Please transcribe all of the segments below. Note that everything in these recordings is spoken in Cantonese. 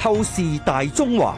透視大中華。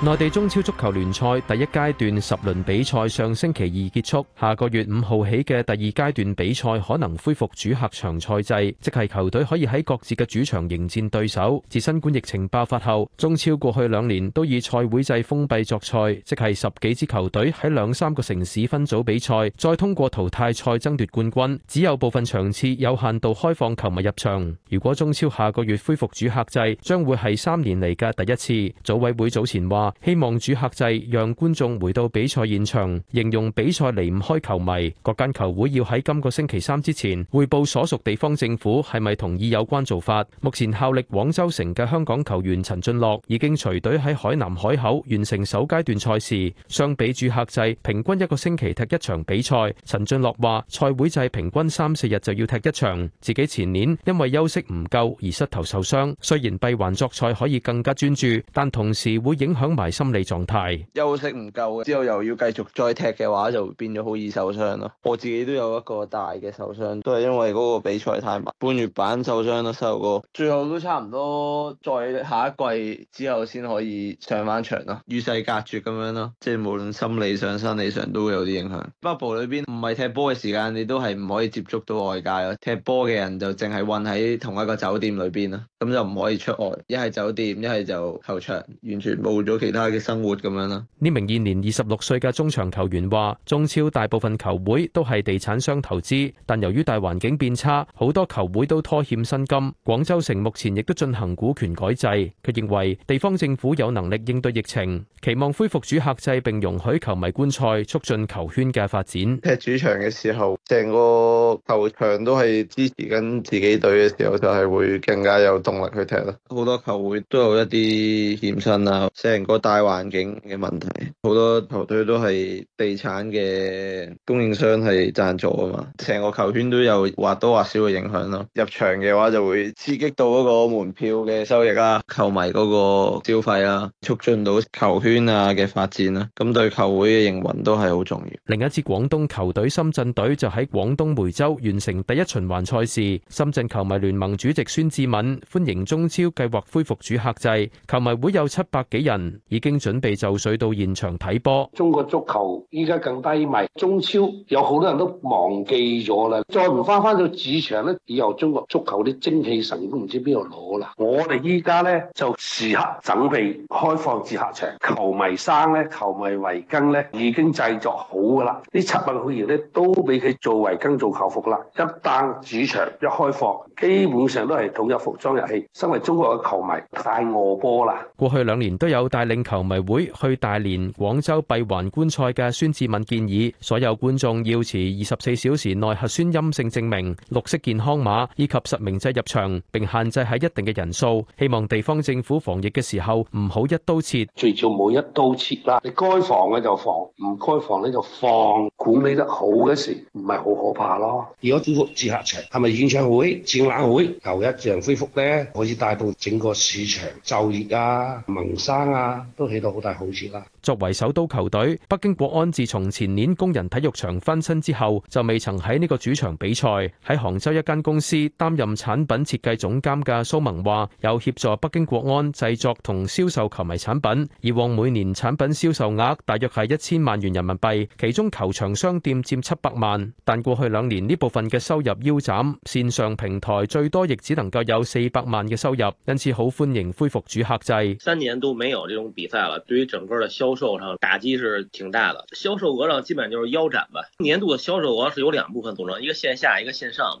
內地中超足球聯賽第一階段十輪比賽上星期二結束，下個月五號起嘅第二階段比賽可能恢復主客場賽制，即係球隊可以喺各自嘅主場迎戰對手。自新冠疫情爆發後，中超過去兩年都以賽會制封閉作賽，即係十幾支球隊喺兩三個城市分組比賽，再通過淘汰賽爭奪冠軍，只有部分場次有限度開放球迷入場。如果中超下個月恢復主客制，將會係三年嚟嘅第一次。組委會早前話。希望主客制讓觀眾回到比賽現場，形容比賽離唔開球迷。各間球會要喺今個星期三之前匯報所屬地方政府係咪同意有關做法。目前效力廣州城嘅香港球員陳俊樂已經隨隊喺海南海口完成首階段賽事。相比主客制，平均一個星期踢一場比賽。陳俊樂話：賽會制平均三四日就要踢一場。自己前年因為休息唔夠而膝頭受傷，雖然閉環作賽可以更加專注，但同時會影響。埋心理狀態，休息唔夠之後又要繼續再踢嘅話，就變咗好易受傷咯。我自己都有一個大嘅受傷，都係因為嗰個比賽太密，半月板受傷啦，受過，最後都差唔多再下一季之後先可以上翻場咯，與世隔絕咁樣咯，即係無論心理上、生理上都有啲影響。bubble 裏邊唔係踢波嘅時間，你都係唔可以接觸到外界咯。踢波嘅人就淨係混喺同一個酒店裏邊啦，咁就唔可以出外，一係酒店，一係就球場，完全冇咗其他嘅生活咁樣啦。呢名現年二十六歲嘅中場球員話：中超大部分球會都係地產商投資，但由於大環境變差，好多球會都拖欠薪金。廣州城目前亦都進行股權改制。佢認為地方政府有能力應對疫情，期望恢復主客制并容許球迷觀賽，促進球圈嘅發展。踢主場嘅時候，成個球場都係支持緊自己隊嘅時候，就係會更加有動力去踢啦。好多球會都有一啲欠薪啊，成個。大環境嘅問題，好多球隊都係地產嘅供應商係贊助啊嘛，成個球圈都有或多或少嘅影響咯。入場嘅話就會刺激到嗰個門票嘅收益啊，球迷嗰個消費啊，促進到球圈啊嘅發展啦。咁對球會嘅營運都係好重要。另一支廣東球隊深圳隊就喺廣東梅州完成第一循環賽事。深圳球迷聯盟主席孫志敏歡迎中超計劃恢復主客制，球迷會有七百幾人。已經準備就緒，到現場睇波。中國足球依家更低迷，中超有好多人都忘記咗啦。再唔翻翻到主場咧，以後中國足球啲精氣神都唔知邊度攞啦。我哋依家咧，就時刻準備開放主客場，球迷衫咧、球迷圍巾咧已經製作好噶啦，呢七百個會員咧，都俾佢做圍巾、做球服啦。一旦主場一開放，基本上都係統一服裝入去。身為中國嘅球迷，太餓波啦！過去兩年都有帶領。球迷會去大連、廣州閉環觀賽嘅孫志敏建議，所有觀眾要持二十四小時內核酸陰性證明、綠色健康碼以及實名制入場，並限制喺一定嘅人數。希望地方政府防疫嘅時候唔好一刀切，最做冇一刀切啦！你該防嘅就防，唔該防咧就放，管理得好嘅時唔係好可怕咯。如果恢復主客場，係咪演唱會、展覽會又一樣恢復咧？可以帶動整個市場就業啊、民生啊。都起到好大好處啦。作為首都球隊，北京國安自從前年工人體育場翻新之後，就未曾喺呢個主場比賽。喺杭州一間公司擔任產品設計總監嘅蘇萌話，有協助北京國安製作同銷售球迷產品，以往每年產品銷售額大約係一千萬元人民幣，其中球場商店佔七百萬。但過去兩年呢部分嘅收入腰斬，線上平台最多亦只能夠有四百萬嘅收入，因此好歡迎恢復主客制。三年都沒有呢種比賽了，對於整個的銷銷售上打擊是挺大的，銷售額上基本就是腰斬吧。年度的銷售額是由兩部分組成，一個線下，一個線上。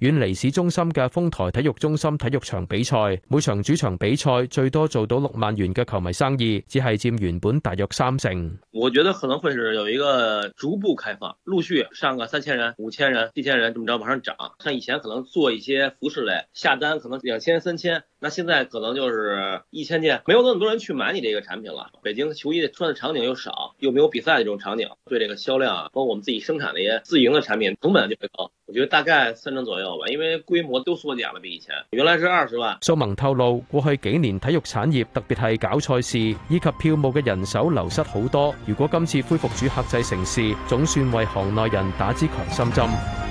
遠離市中心嘅豐台體育中心體育場比賽，每場主場比賽最多做到六萬元嘅球迷生意，只係佔原本大約三成。我覺得可能會是有一個逐步開放，陸續上個三千人、五千人、七千人，這麼着往上漲。像以前可能做一些服飾類下單，可能兩千、三千，那現在可能就是一千件，沒有那麼多人去買你這個產品了。北京球衣穿的場景又少，又沒有比賽嘅這種場景，對這個銷量啊，包括我們自己生產些自營的產品，成本就會高。我覺得大概三成左右吧，因為規模都縮減了，比以前原來是二十萬。蘇盟透露，過去幾年體育產業，特別係搞賽事以及票務嘅人手流失好多。如果今次恢復主客制城市，總算為行內人打支強心針。